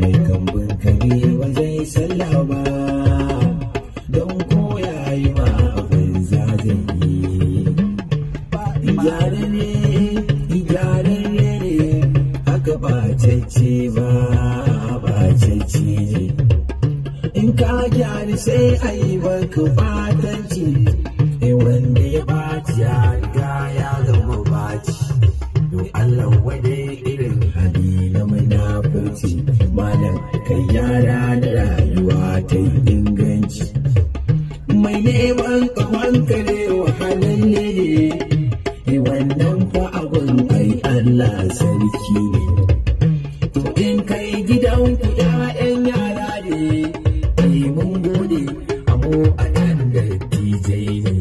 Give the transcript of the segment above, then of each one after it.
mai kambun kare ba zai sallah ba don koya yi ma abin zazin yi gyararre gyararre ne aka bacece ba bacece ne in ka gyara sai ayi yi baka fatanci wanda ya baci ya riga ya kai yara da rayuwa ta yi inganci mai neman kawanka ne wahalar ne wannan fa abun kai Allah sarki ne to in kai gidan ku ƴaƴan yara ne ai mun gode abu a nan da dijai ne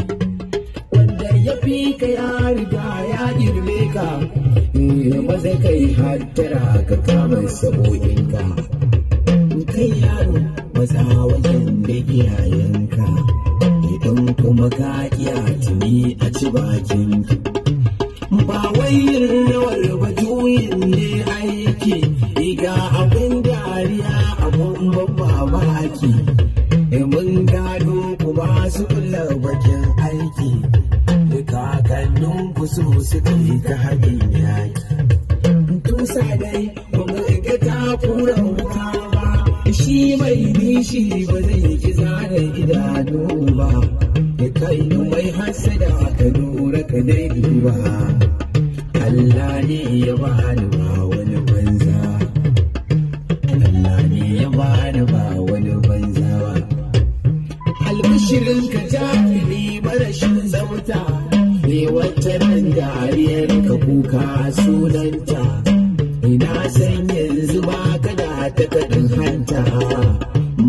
wanda ya fi ka ya riga ya girme ka ba eh maza kai hattara ka kama saboda kai yaro maza wajen da iyayenka idan kuma ka kiya tuni a ci bakin ba wai yin ba juyin ne aiki iga abin dariya abun ba mamaki eh, mun gado ku su kula bakin aiki kakannin ku su suka ta haɗin yaki tusa dai shi mai nishi ba zai ki zane idanu ba da kai mai hasada ka lura ka dai ba. Allah ne ya bani ba wani banza Allah ne ya bani ba wani banza ba albishirin ka ta ni barashin zauta ne wata nan dariyar ka kuka sunanta sha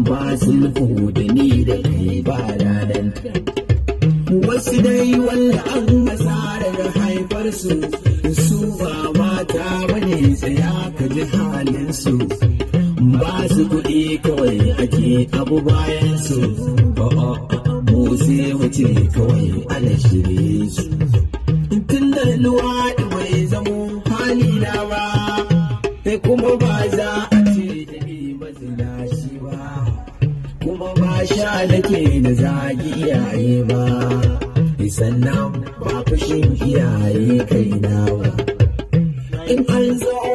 ba zulfu da ni da kai ba ranar wasu dai wanda an masarar daga su su ba mata bane tsaya ka ji halin su ba su kuɗi kawai ake abu bayan su sai wuce kawai ana shirye su tun da zamo hali na ba kuma ba za a sha nake da zagi iyaye ba sannan ba fushin iyaye kaina ba in an zo